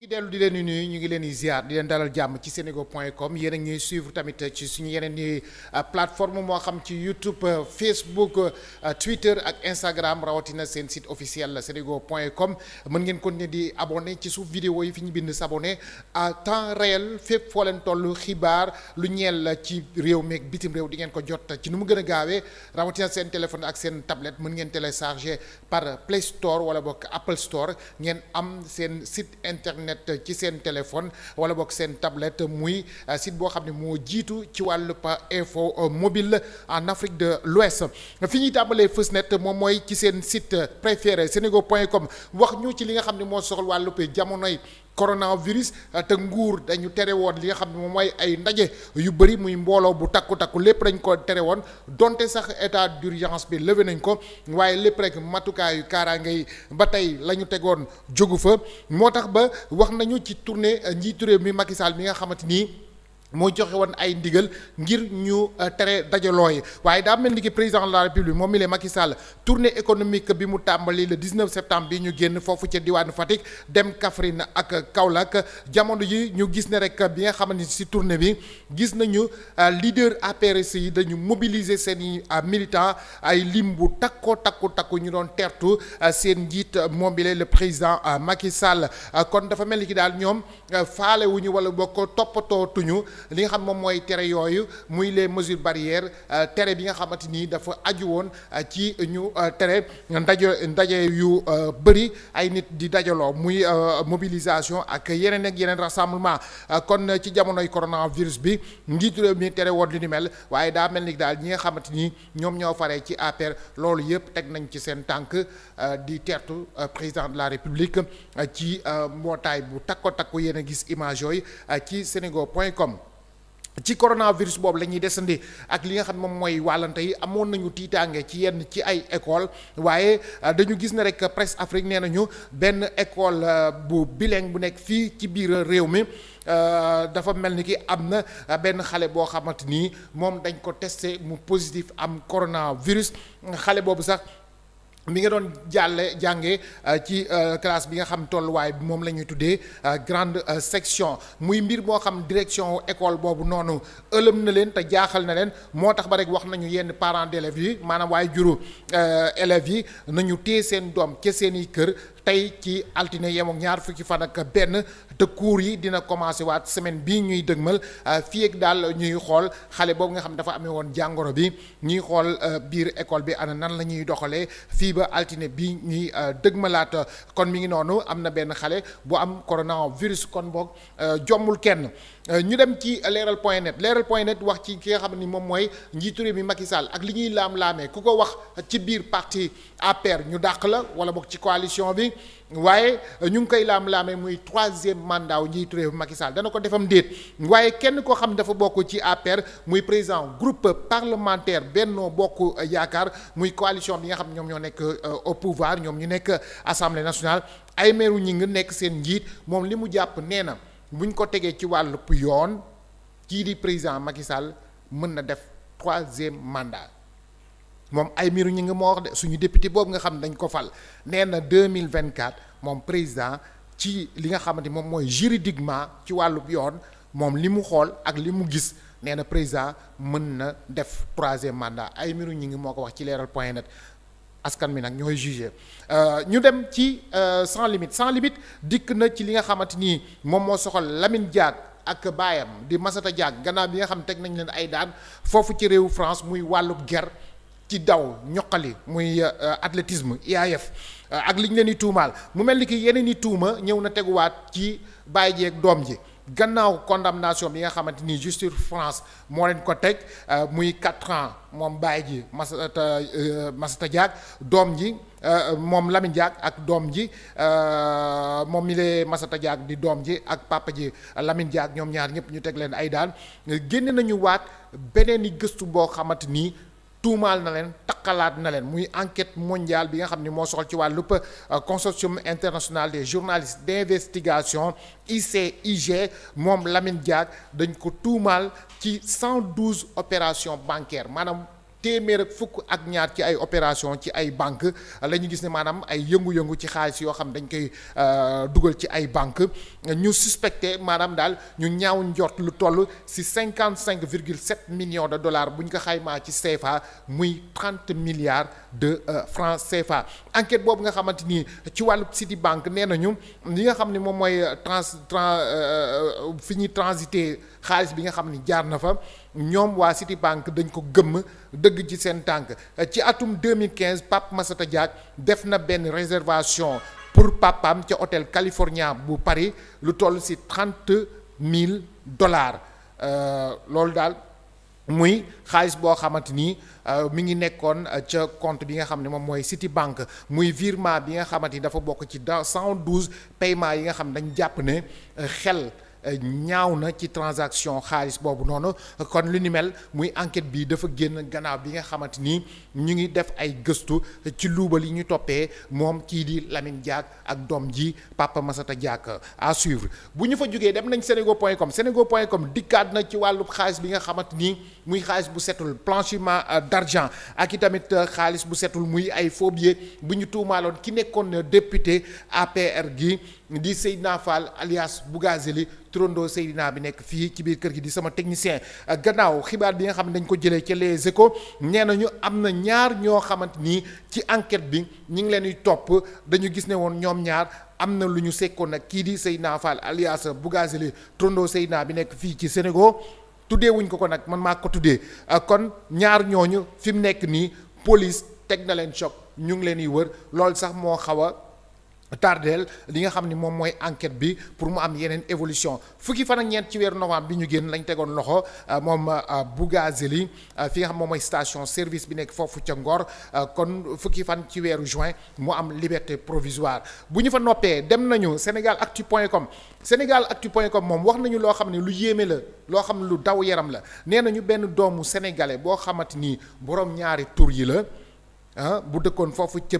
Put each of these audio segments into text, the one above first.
di dellu di leen di nuyu ñu ngi leen di ziar di leen dalal jàmm ci senego.com yéen a ngi ñuy suivre tamit ci suñu yeneen i euh, plateforme moo xam ci YouTube euh, Facebook euh, Twitter ak Instagram rawatina seen site officiel senego.com mën ngeen continuer di abonné ci suuf vidéo yi fi ñu bind s'abonné à temps réel fépp foo leen toll xibaar lu ñeel ci réew meeg bitim réew di ngeen ko jot ci nu mu gën a gaawee rawatina seen téléphone ak seen tablette mën ngeen télécharger par Play wala boog Apple Store ngeen am seen site internet. internet ci seen téléphone wala boog seen tablette muy euh, site boo xam ne moo jiitu ci wàll wàllu info euh, mobile en Afrique de l'Ouest fi ñuy tàmbalee fës net moom mooy ci seen site préféré senego.com wax ñu ci li nga xam ne moo wàll wàllu jamonoy coronavirus euh, te nguur dañu tere woon li nga xam moom mooy ay ndaje yu bëri muy mbooloo bu takku takku lépp dañ ko tere woon donte sax état d'urgence bi levé nañ ko waaye lépp rek matukaayu kaaraange yi ba tey la ñu tegoon jógu fa moo tax ba wax nañu ci tournée euh, njiitu réew mi Macky Sall mi nga xamante nii moo joxe woon ay ndigal ngir ñu euh, tere dajaloo yi waaye daa mel ni ki président la république moom mi lee Macky Sall tournée économique bi mu tàmbali le 19 septembre bi ñu génn foofu ca diwaanu Fatick dem Kaffrine ak Kaolack jamono yi ñu gis ne rek bi nga xamante ni si tournée bi gis nañu euh, leader APRS yi dañu mobiliser seen euh, militant ay lim bu takkoo takku takku ñu doon tertu seen njiit moom mi lee le président Macky Sall kon dafa mel ni ki daal ñoom faale wala bokk toppatootuñu li nga xam moom mooy tere yooyu muy les mesure barrières euh, tere bi nga xamante nii dafa aju woon euh, ci ñu euh, tere ndaje ndaje yu bëri ay nit di dajaloo muy mobilisation ak yeneen ak yeneen rassemblement kon ci jamonoy coronavirus bi njiitu réew mi tere woon li ni mel waaye daa mel ni daal ñi nga xamante ni ñoom ñoo faree ci APR loolu yëpp teg nañ ci seen tànk di tertu président de la république ci mbootaay bu takko takku yéen a gis image yooyu ci senego point com ci coronavirus boobu la ñuy desandi ak li nga xam moom mooy wàllante yi amoon nañu tiitaange ci yenn ci ay école waaye euh, dañu gis ne rek presse Afrique nee nañu benn école euh, bu bilingue bu nekk fii ci biir réew mi euh, dafa mel ni ki am na benn xale boo xamante ni moom dañ ko teste mu positif am coronavirus xale boobu sax. mi nga doon jàlle jànge euh, ci euh, classe bi nga xam tolluwaay bi moom la ñuy tuddee euh, grande section muy mbir moo xam direction école boobu noonu ëlëm na leen te jaaxal na leen moo tax ba rek wax nañu yenn parents d'élèves yi maanaam waaye juru élèves yi nañu téye seen doom ca seen i kër tey ci altine yemook ñaar fukki fan ak benn te cours yi dina commencé waat semaine bii ñuy dëgmal euh, fii ak daal ñuy xool xale boobu nga xam dafa amee woon jàngoro bi ñuy xool euh, biir école bi ana nan la ñuy doxalee fii ba altine bi ñuy euh, dëgmalaata kon mi ngi noonu am na benn xale bu am coronavirus kon boog jommul kenn ñu dem ci leeral point net leeral point net wax ci ki nga xam ni moom mooy njiitu réew mi Macky Sall ak li ñuy laam-laamee ku ko wax ci biir parti APR ñu dàq la wala boog ci coalition bi waaye ñu ngi koy laam-laamee muy troisième mandat wu njiitu réew dana ko defam déet waaye kenn koo xam dafa bokk ci APR muy président groupe parlementaire Benno Bokk Yaakaar muy coalition bi nga xam ñoom ñoo nekk euh, au pouvoir ñoom ñu nekk assemblée nationale ay meeru ñi nga nekk seen njiit moom li mu jàpp nee na buñ ko tegee ci wàllu yoon kii di président Macky mën na def troisième mandat moom ay ñi Gningue moo wax de suñu député boobu nga xam ne dañ ko fal nee na deux mille vingt quatre moom président ci li nga xamante moom mooy juridiquement ci wàllu yoon moom li mu xool ak li mu gis nee na président mën na def troisième mandat Aymérou Gningue moo ko wax ci leeral point askan mi nag ñooy jugé euh, ñu dem ci euh, sans limite sans limite dikk na ci li nga xamante ni moom moo soxal Lamine Diack ak baayam di Massata Diack gannaaw bi nga xam teg nañ leen ay daan foofu ci réewu France muy wàllub guerre ci daw ñoqali muy euh, athlétisme IAAF euh, ak li ñu leen di tuumaal mu mel ni ki yeneen i tuuma ñëw na teguwaat ci bàyyi jeeg doom ji gannaaw condamnation bi nga xamante ni justice France moo leen ko teg euh, muy quatre ans moom bàyyi ji Massata Massata doom ji moom Lamine Diack ak doom ji moom mi lee Massata Diack di doom ji ak papa ji Lamine Diack ñoom ñaar ñëpp ñu teg leen ay daal génne nañu waat beneen i gëstu boo xamante nii tuumaal na leen takkalaat na leen muy enquête mondiale bi nga xam ni moo soxal ci wàllub euh, consortium international des journalistes d'investigation ICIG moom Lamine Diack dañ ko tuumaal ci 112 opérations bancaires maanaam téeméer ak fukk ak ñaar ci ay opération ci ay banque la ñu gis ne maanaam ay yëngu-yëngu ci xaalis yoo xam dañ koy euh, dugal ci ay banque ñu suspecté maanaam daal ñu ñaaw njort lu toll si cinquante cinq virgule sept millions de dollars bu ñu ko xaymaa ci CFA muy trente milliards de euh, francs CFA enquête boobu nga xamante ni ci wàll wàllu banque nee nañu li nga xam ne moom mooy euh, trans trans fi ñuy transité xaalis bi nga xam ni jaar na fa ñoom waa Citibank dañ ko gëmm dëgg ci seen tànk ci atum 2015 Pape Massata Diack def na benn réservation pour papam ca hôtel California bu Paris lu toll si trente mille dollars euh, loolu daal muy xaalis boo xamante ni euh, mu ngi nekkoon euh, ca compte bi nga xam ne moom mooy Citibank muy virement bi nga xamante ni dafa bokk ci dans cent douze paiements yi nga xam dañ jàpp ne xel. Euh, ñaaw na ci transaction xaalis boobu noonu kon lu ni mel muy enquête bi dafa génn gannaaw bi nga xamante ni ñu ngi def ay gëstu ci luubal yi ñu toppee moom kii di Lamine Diack ak doom ji Papa Massata Diack à suivre bu ñu fa jógee dem nañ senego.com comme dikkaat na ci wàllu xaalis bi nga xamante nii muy xaalis bu setul blanchiment euh, d'argent ak i tamit euh, xaalis bu setul muy ay faux bu ñu tuumaaloon ki nekkoon député APR gi di Seydina Fall alias Bougazeli turandoo Seydina bi nekk fii ci biir kër gi di sama technicien ak gannaaw xibaar bi nga xam ne dañ ko jëlee ca Les Échos nee ñu am na ñaar ñoo xamante nii ci enquête bi ñu ngi leen di topp dañu gis ne woon ñoom ñaar am na lu ñu sekkoon nag kii di Seydina Fall alias Bougazeli turandoo Seydina bi nekk fii ci Sénégal tuddee wuñ ko ko nag man maa ko tuddee kon ñaar ñooñu fi mu nekk nii police teg na leen choc ñu ngi leen di wër loolu sax moo xaw a tardeel li nga xam ni moom mooy enquête bi pour mu am yeneen évolution fukki fan ak ñeent ci weeru novembre bi ñu génn lañ tegoon loxo euh, moom euh, Bougazeli euh, fi nga xam moom mooy station service bi nekk foofu ca Ngor kon fukki fan ci weeru juin mu am liberté provisoire bu ñu fa noppee dem nañu sénégal Sénégalactu point sénégal Sénégalactu point comme moom wax nañu loo xam ne lu yéeme la loo xam lu daw yaram la nee nañu benn doomu sénégalais boo xamante ni borom ñaari tur yi la ah, bu dëkkoon foofu ca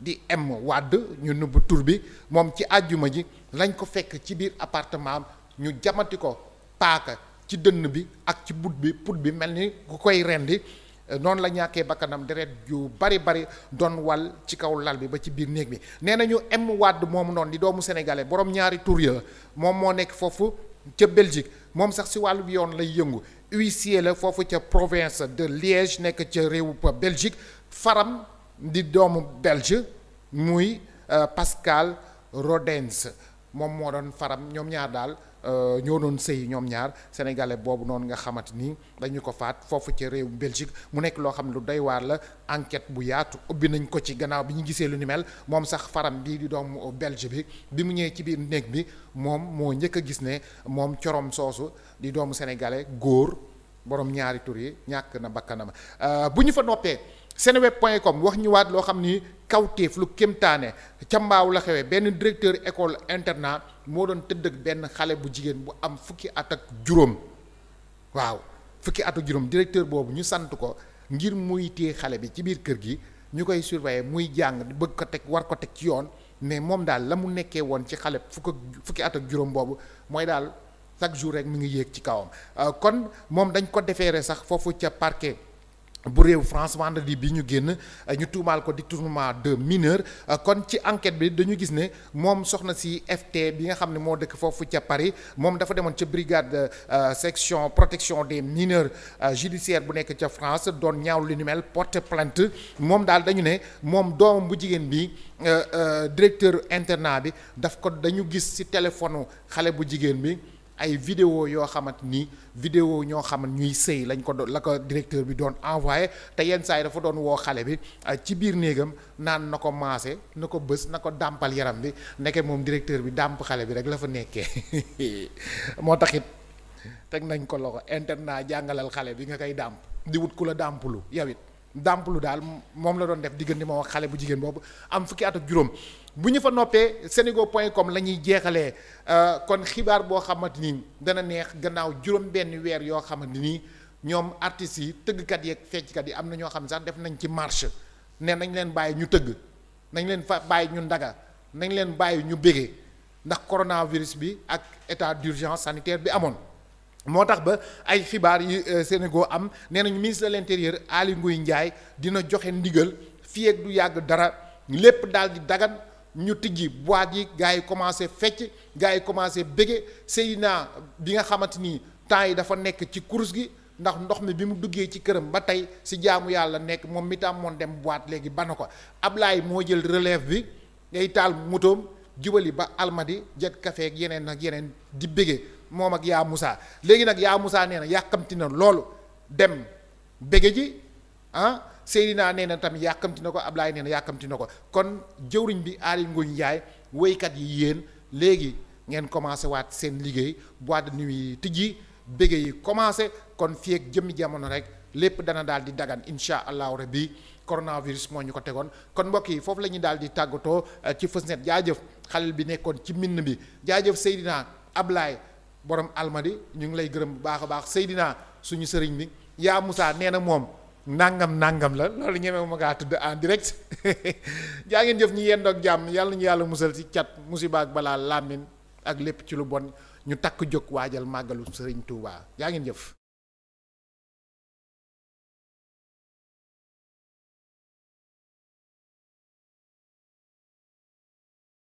di M Wade ñu nëbb tur bi moom ci àjjuma ji lañ ko fekk ci biir appartement ñu jamati ko paaka ci dënn bi ak ci but bi put bi mel ni ku koy rendi euh, noonu la ñàkkee bakkanam deret yu bari bari doon wal ci kaw lal bi ba ci biir néeg bi nee nañu M Wade moom noon di doomu sénégalais borom ñaari tur ya moom moo nekk foofu ca Belgique moom sax si wàllu yoon lay yëngu huissier la foofu ca province de liege nekk ca réewu Belgique faram di doomu belge muy euh, Pascal Rodens moom moo doon faram ñoom ñaar daal euh, ñoo doon sëy ñoom ñaar sénégalais boobu noonu nga xamante ni dañu ko faat foofu ci réew Belgique mu nekk loo xam ne lu doy waar la enquête bu yaatu ubbi nañ ko ci gannaaw bi ñu gisee lu ni mel moom sax faram bii di doomu belge bi bi mu ñëwee ci biir néeg bi moom moo njëkk a gis ne moom corom soosu di doomu sénégalais góor borom ñaari tur ñàkk na bakkanam euh, bu ñu fa noppee. seneweb point com wax ñu waat loo xam ni kaw kawteef lu kémtaane ca mbaaw la xewee benn directeur école internat moo doon tëdd ak benn xale bu jigéen bu am fukki at ak juróom waaw fukki at ak juróom directeur boobu ñu sant ko ngir muy téye xale bi ci biir kër gi ñu koy surveiller muy jàng bëgg ko teg war ko teg ci yoon mais moom daal la mu nekkee woon ci xale fukk fukki at ak juróom boobu mooy daal chaque jour rek mi ngi yéeg ci kawam euh, kon moom dañ ko defeere sax foofu ca parquet bu réew France vendredi bi ñu génn euh, ñu tuumaal ko di détournement de mineur euh, kon ci enquête bi dañu gis ne moom soxna si FT bi nga xam ne moo dëkk foofu ca Paris moom dafa demoon ca brigade euh, section protection des mineurs judiciaire bu nekk ca France doon ñaaw li ni mel porte plainte moom daal dañu ne moom doomam bu jigéen bi directeur internat bi daf ko dañu gis ci téléphone xale bu jigéen bi ay vidéo yoo xamante ni vidéo ñoo xamant ñuy sëy lañ ko doon la ko directeur bi doon envoyé te yenn saa yi dafa doon woo xale bi euh, ci biir néegam naan na ko maase na ko bës na ko dàmpal yaram bi nekke moom directeur bi dàmp xale bi rek la fa nekkee moo taxit teg nañ ko loxo internat jàngalal xale bi nga koy dàmp di wut ku la dàmplu yow it ndàmpalu daal moom la doon def diggante moom wax xale bu jigéen boobu am fukki at ak juróom bu ñu fa noppee senego point comme la ñuy jeexalee euh, kon xibaar boo xamante ni dana neex gannaaw juróom benn weer yoo xamante ni ñoom artistes yi tëggkat yeeg fecckat yi am na ñoo xam ne sax def nañ ci marche ne nañ leen bàyyi ñu tëgg nañ leen fa bàyyi ñu ndaga nañ leen bàyyi ñu béggee ndax coronavirus bi ak état d'urgence sanitaire bi amoon moo tax ba ay xibaar yi euh, Sénégal am nee nañu ministre de l'intérieur Aly Ngouille Ndiaye dina joxe ndigal fii du yàgg dara lépp daal di dagan ñu tijji boîte yi gars yi commencé fecc gars yi commencé bége naa bi nga xamante ni temps yi dafa nekk ci course gi ndax ndox mi bi mu duggee ci këram ba tey si jaamu yàlla nekk moom mi tam moon dem boîte léegi bana ko Ablaye moo jël relève bi ngay taal motoom jubali ba almadi jet kafeek yeneen ak yeneen di bége. moom ak yaa Moussa léegi nag yaa Moussa nee na yàkkamti na loolu dem bége ji ah Seydina nee na tamit yàkkamti na ko Ablaye nee na yàkkamti na ko kon jëwriñ bi Aly Ngouille Ndiaye woykat yi yéen léegi ngeen commencé waat seen liggéey bois de nuit yi tijji bége yi commencé kon fii jëmmi jamono rek lépp dana daal di dagan incha allahu rabbi coronavirus moo ñu ko tegoon kon mbokk yi foofu la ñuy daal di tàggatoo eh, ci Feus Net jaajëf xalel bi nekkoon ci minn bi jaajëf Seydina Ablaye borom almadi ñu ngi lay gërëm bu baax a baax Seydina suñu sëriñ bi yaa Moussa nee na moom nangam nangam la loolu ñeme ma ngaa tudd en direct yaa ngeen jëf ñi yendoog jàmm yàlla ñu yàlla musal ci cat musiba ak balaa làmmin ak lépp ci lu bon ñu takk jóg waajal màggalu sëriñ Touba yaa ngeen jëf